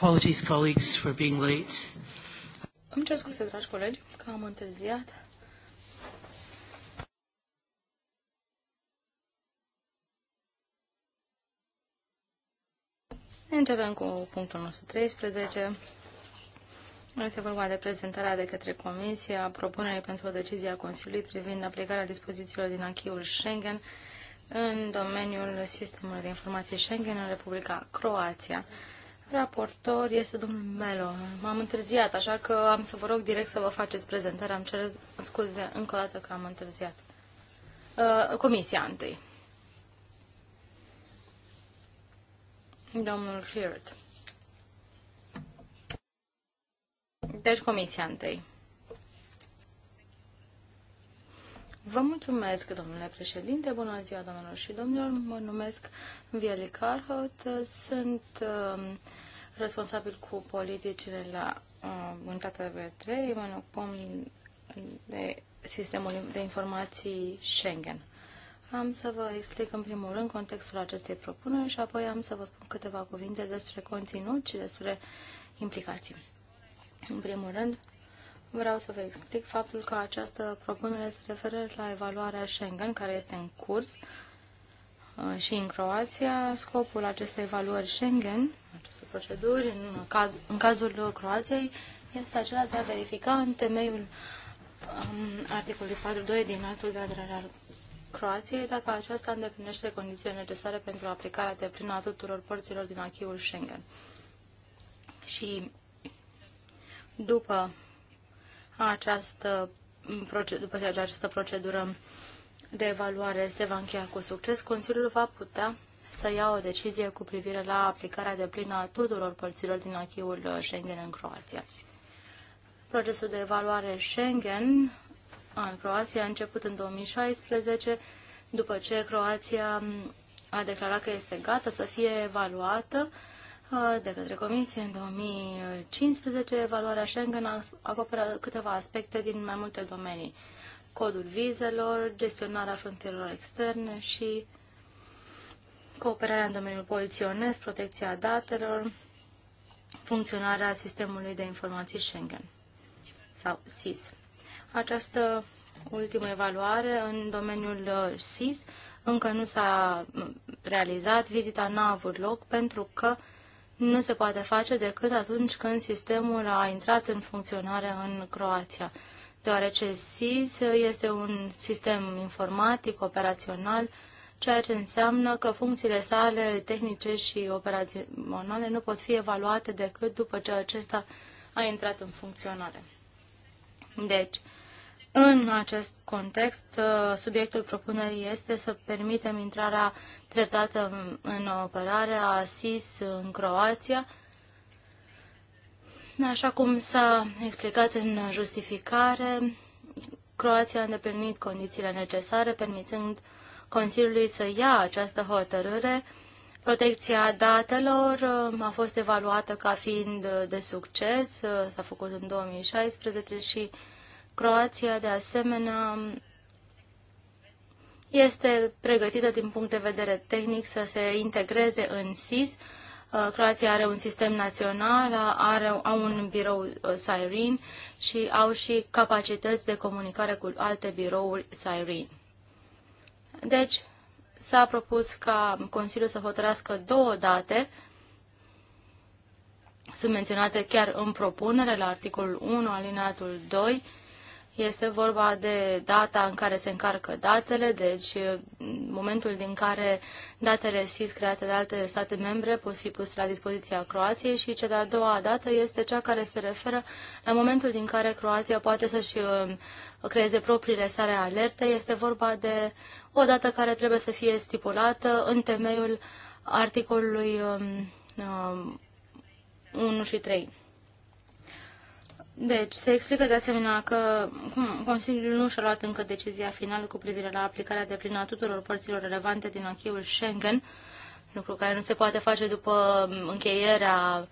Apologies, colleagues, for being late. Îmi cer scuze, dragi colegi, că am întârziat. Începem cu punctul nostru 13. Este vorba de prezentarea de către Comisie a propunerii pentru o decizie a Consiliului privind aplicarea dispozițiilor din achiul Schengen în domeniul sistemului de informații Schengen în Republica Croația. Raportor este domnul Melo. M-am întârziat, așa că am să vă rog direct să vă faceți prezentarea. Am cer scuze încă o dată că am întârziat. Uh, comisia întâi. Domnul Hirt. Deci comisia întâi. Vă mulțumesc, domnule președinte, bună ziua, domnilor și domnilor, mă numesc Vieli Carhot, sunt uh, responsabil cu politicile la uh, um, unitatea V3, mă ocupăm de sistemul de informații Schengen. Am să vă explic în primul rând contextul acestei propuneri și apoi am să vă spun câteva cuvinte despre conținut și despre implicații. În primul rând, Vreau să vă explic faptul că această propunere se referă la evaluarea Schengen, care este în curs uh, și în Croația. Scopul acestei evaluări Schengen, aceste proceduri, în, caz, în cazul Croației, este acela de a verifica în temeiul um, articolului 4.2 din actul de aderare al Croației dacă aceasta îndeplinește condițiile necesare pentru aplicarea de plină a tuturor părților din achiul Schengen. Și după această după ce această procedură de evaluare se va încheia cu succes, Consiliul va putea să ia o decizie cu privire la aplicarea de plină a tuturor părților din achiul Schengen în Croația. Procesul de evaluare Schengen în Croația a început în 2016, după ce Croația a declarat că este gata să fie evaluată de către Comisie în 2015, evaluarea Schengen acoperă câteva aspecte din mai multe domenii. Codul vizelor, gestionarea frontierelor externe și cooperarea în domeniul poliționesc, protecția datelor, funcționarea sistemului de informații Schengen sau SIS. Această ultimă evaluare în domeniul SIS uh, încă nu s-a mm, realizat, vizita n-a avut loc pentru că uh, nu se poate face decât atunci când sistemul a intrat în funcționare în Croația, deoarece SIS este un sistem informatic, operațional, ceea ce înseamnă că funcțiile sale tehnice și operaționale nu pot fi evaluate decât după ce acesta a intrat în funcționare. Deci, în acest context, uh, subiectul propunerii este să permitem intrarea treptată în operare a SIS în Croația, Așa cum s-a explicat în justificare, Croația a îndeplinit condițiile necesare, permițând Consiliului să ia această hotărâre. Protecția datelor uh, a fost evaluată ca fiind de succes, uh, s-a făcut în 2016 și Croația, de asemenea, este pregătită din punct de vedere tehnic să se integreze în SIS. Uh, Croația are un sistem național, are, au un birou uh, Siren și au și capacități de comunicare cu alte birouri Siren. Deci, s-a propus ca Consiliul să hotărească două date, sunt menționate chiar în propunere la articolul 1, alineatul 2, este vorba de data în care se încarcă datele, deci momentul din care datele SIS create de alte state membre pot fi puse la dispoziția Croației și cea de-a doua dată este cea care se referă la momentul din care Croația poate să-și creeze propriile sale alerte. Este vorba de o dată care trebuie să fie stipulată în temeiul articolului 1 și 3. Deci, se explică de asemenea că Consiliul nu și-a luat încă decizia finală cu privire la aplicarea de plină a tuturor părților relevante din acheiul Schengen, lucru care nu se poate face după mm, încheierea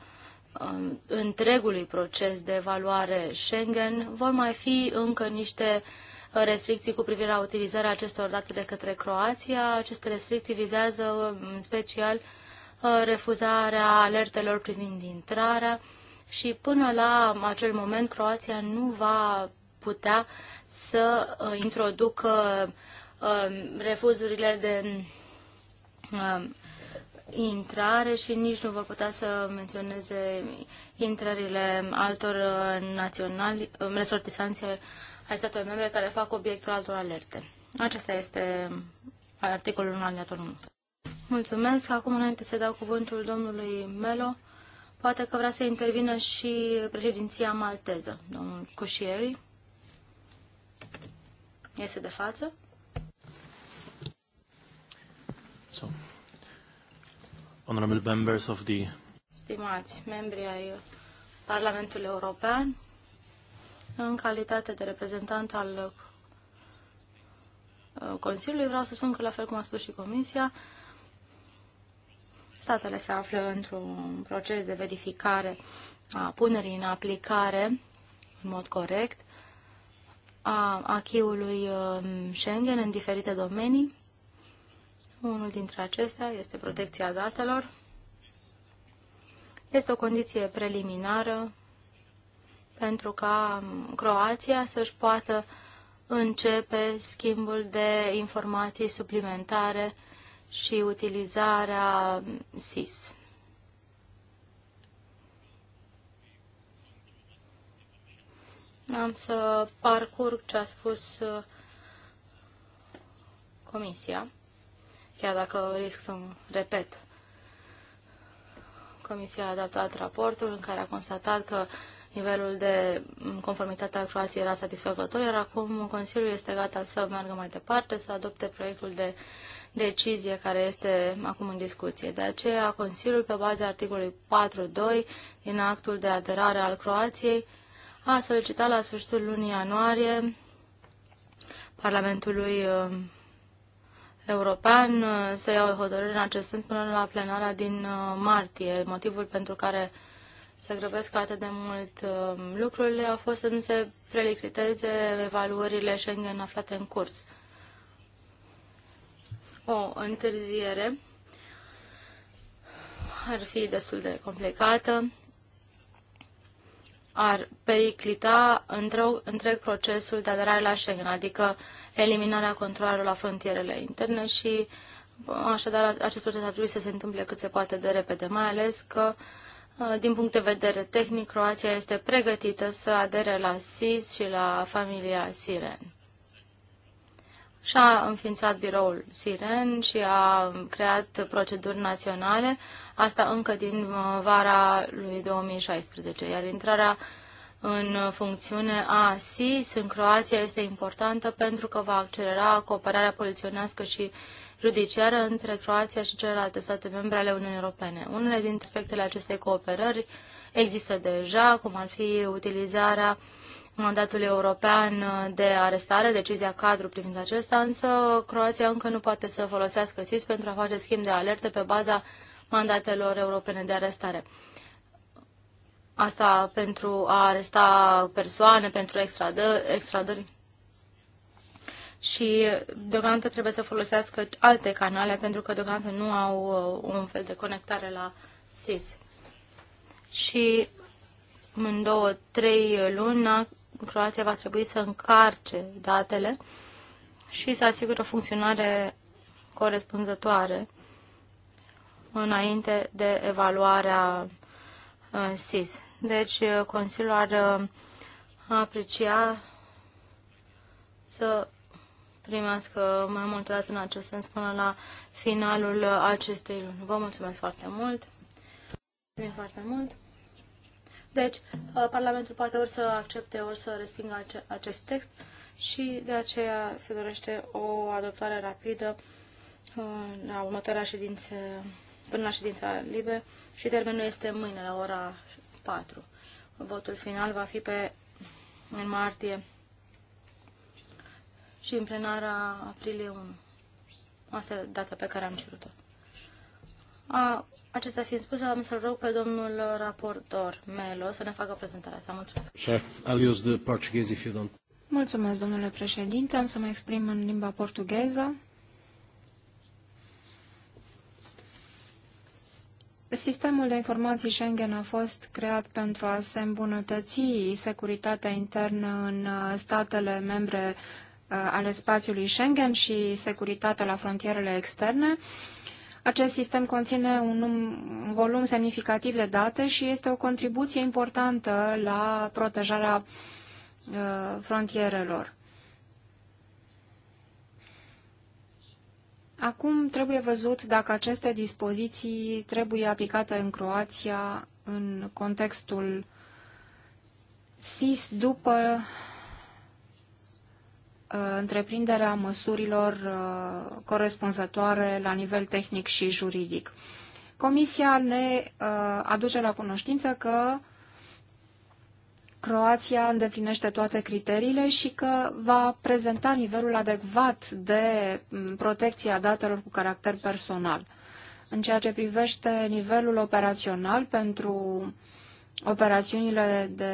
mm, întregului proces de evaluare Schengen. Vor mai fi încă niște restricții cu privire la utilizarea acestor date de către Croația. Aceste restricții vizează în special uh, refuzarea alertelor privind intrarea, și până la acel moment Croația nu va putea să uh, introducă uh, refuzurile de uh, intrare și nici nu va putea să menționeze intrările altor naționali, resortisanțe ai statului membre care fac obiectul altor alerte. Acesta este articolul 1 alineatul 1. Mulțumesc. Acum, înainte să dau cuvântul domnului Melo, Poate că vrea să intervină și președinția malteză, domnul Cușieri. Iese de față. So, honorable members of the... Stimați membri ai Parlamentului European, în calitate de reprezentant al uh, Consiliului, vreau să spun că, la fel cum a spus și Comisia, Statele se află într-un proces de verificare a punerii în aplicare în mod corect a achiului um, Schengen în diferite domenii. Unul dintre acestea este protecția datelor. Este o condiție preliminară pentru ca um, Croația să-și poată începe schimbul de informații suplimentare și utilizarea SIS. Am să parcurg ce a spus uh, comisia, chiar dacă risc să repet. Comisia a adaptat raportul în care a constatat că nivelul de conformitate al Croației era satisfăcător, iar acum Consiliul este gata să meargă mai departe, să adopte proiectul de decizie care este acum în discuție. De aceea, Consiliul, pe baza articolului 4.2 din actul de aderare al Croației, a solicitat la sfârșitul lunii ianuarie Parlamentului uh, European uh, să iau o hotărâre în acest sens până la plenarea din uh, martie. Motivul pentru care se grăbesc atât de mult lucrurile a fost să nu se prelicriteze evaluările Schengen aflate în curs o întârziere ar fi destul de complicată, ar periclita întreg procesul de aderare la Schengen, adică eliminarea controlului la frontierele interne și așadar acest proces ar trebui să se întâmple cât se poate de repede, mai ales că uh, din punct de vedere tehnic, Croația este pregătită să adere la SIS și la familia Siren și-a înființat biroul Siren și a creat proceduri naționale, asta încă din uh, vara lui 2016, iar intrarea în funcțiune a SIS în Croația este importantă pentru că va accelera cooperarea poliționească și judiciară între Croația și celelalte state membre ale Uniunii Europene. Unele dintre aspectele acestei cooperări există deja, cum ar fi utilizarea mandatul european de arestare, decizia cadru privind acesta, însă Croația încă nu poate să folosească SIS pentru a face schimb de alerte pe baza mandatelor europene de arestare. Asta pentru a aresta persoane, pentru extradă, extradări. Și deocamdată trebuie să folosească alte canale, pentru că deocamdată nu au uh, un fel de conectare la SIS. Și în două, trei luni Croația va trebui să încarce datele și să o funcționare corespunzătoare înainte de evaluarea SIS. Uh, deci, uh, Consiliul ar uh, aprecia să primească mai multe dată în acest sens până la finalul acestei luni. Vă mulțumesc foarte mult! mulțumesc foarte mult! Deci, uh, Parlamentul poate ori să accepte, ori să respingă acest text și de aceea se dorește o adoptare rapidă uh, la următoarea ședință, până la ședința libe și termenul este mâine la ora 4. Votul final va fi pe, în martie și în plenara aprilie 1. Asta e data pe care am cerut-o. A, acesta fiind spus, am să rog pe domnul raportor Melo să ne facă prezentarea sa. Mulțumesc. Sure. I'll use the Portuguese if you don't. Mulțumesc, domnule președinte. Am să mă exprim în limba portugheză. Sistemul de informații Schengen a fost creat pentru a se îmbunătăți securitatea internă în uh, statele membre uh, ale spațiului Schengen și securitatea la frontierele externe. Acest sistem conține un, volum semnificativ de date și este o contribuție importantă la protejarea uh, frontierelor. Acum trebuie văzut dacă aceste dispoziții trebuie aplicate în Croația în contextul SIS după Uh, întreprinderea măsurilor uh, corespunzătoare la nivel tehnic și juridic. Comisia ne uh, aduce la cunoștință că Croația îndeplinește toate criteriile și că va prezenta nivelul adecvat de mm, protecție a datelor cu caracter personal. În ceea ce privește nivelul operațional pentru operațiunile de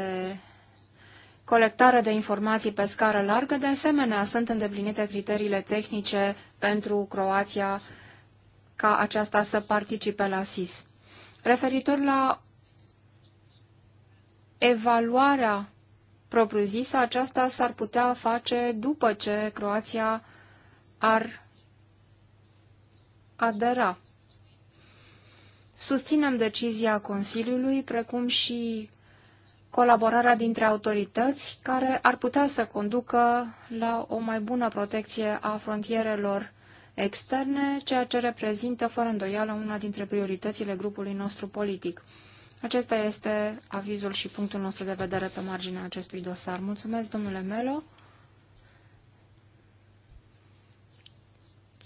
colectare de informații pe scară largă, de asemenea, sunt îndeplinite criteriile tehnice pentru Croația ca aceasta să participe la SIS. Referitor la evaluarea propriu-zisă, aceasta s-ar putea face după ce Croația ar adera. Susținem decizia Consiliului, precum și colaborarea dintre autorități care ar putea să conducă la o mai bună protecție a frontierelor externe, ceea ce reprezintă fără îndoială una dintre prioritățile grupului nostru politic. Acesta este avizul și punctul nostru de vedere pe marginea acestui dosar. Mulțumesc, domnule Melo.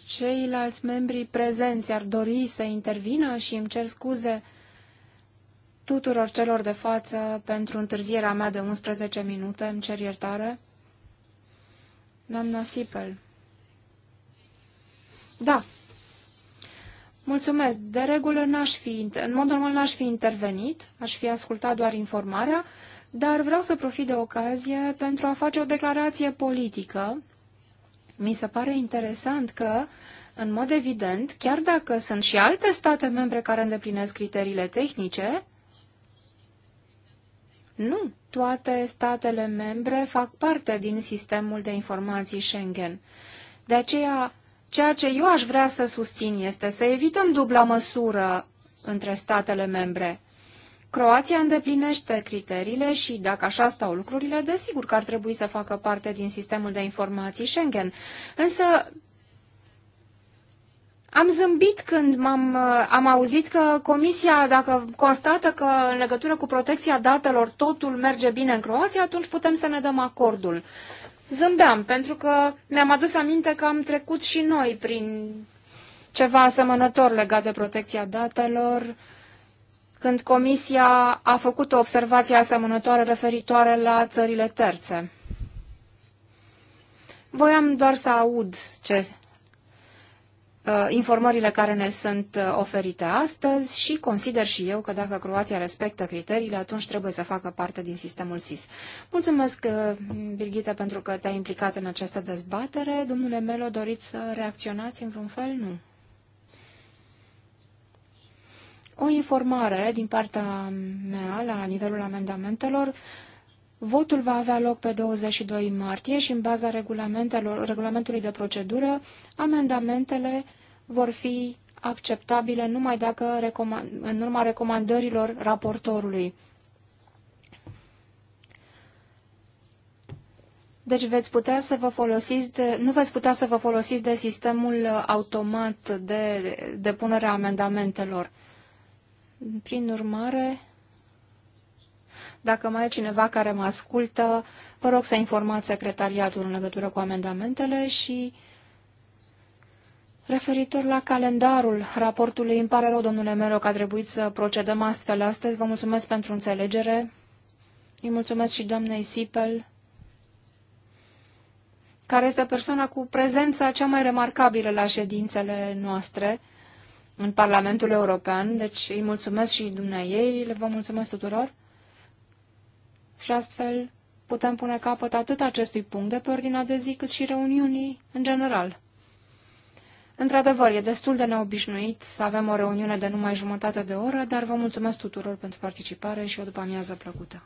Ceilalți membri prezenți ar dori să intervină și îmi cer scuze tuturor celor de față pentru întârzierea mea de 11 minute. Îmi cer iertare. Doamna Sipel. Da. Mulțumesc. De regulă n-aș fi, în mod normal n-aș fi intervenit, aș fi ascultat doar informarea, dar vreau să profit de ocazie pentru a face o declarație politică. Mi se pare interesant că în mod evident, chiar dacă sunt și alte state membre care îndeplinesc criteriile tehnice, nu toate statele membre fac parte din sistemul de informații Schengen. De aceea, ceea ce eu aș vrea să susțin este să evităm dubla măsură între statele membre. Croația îndeplinește criteriile și, dacă așa stau lucrurile, desigur că ar trebui să facă parte din sistemul de informații Schengen. Însă, am zâmbit când am uh, am auzit că Comisia, dacă constată că în legătură cu protecția datelor totul merge bine în Croația, atunci putem să ne dăm acordul. Zâmbeam, pentru că mi-am adus aminte că am trecut și noi prin ceva asemănător legat de protecția datelor, când Comisia a făcut o observație asemănătoare referitoare la țările terțe. Voiam doar să aud ce Uh, informările care ne sunt uh, oferite astăzi și consider și eu că dacă Croația respectă criteriile, atunci trebuie să facă parte din sistemul SIS. Mulțumesc, uh, Birgita, pentru că te-ai implicat în această dezbatere. Domnule Melo, doriți să reacționați în vreun fel? Nu. O informare din partea mea la nivelul amendamentelor. Votul va avea loc pe 22 martie și în baza regulamentelor, regulamentului de procedură, amendamentele vor fi acceptabile numai dacă recomand, în urma recomandărilor raportorului. Deci veți putea să vă folosiți de, nu veți putea să vă folosiți de sistemul automat de depunere a amendamentelor. Prin urmare, dacă mai e cineva care mă ascultă, vă rog să informați secretariatul în legătură cu amendamentele și Referitor la calendarul raportului, îmi pare rău, domnule Melo, că a trebuit să procedăm astfel astăzi. Vă mulțumesc pentru înțelegere. Îi mulțumesc și doamnei Sipel, care este persoana cu prezența cea mai remarcabilă la ședințele noastre în Parlamentul European. Deci îi mulțumesc și dumneai ei, le vă mulțumesc tuturor și astfel putem pune capăt atât acestui punct de pe ordinea de zi, cât și reuniunii în general. Într-adevăr, e destul de neobișnuit să avem o reuniune de numai jumătate de oră, dar vă mulțumesc tuturor pentru participare și o după amiază plăcută.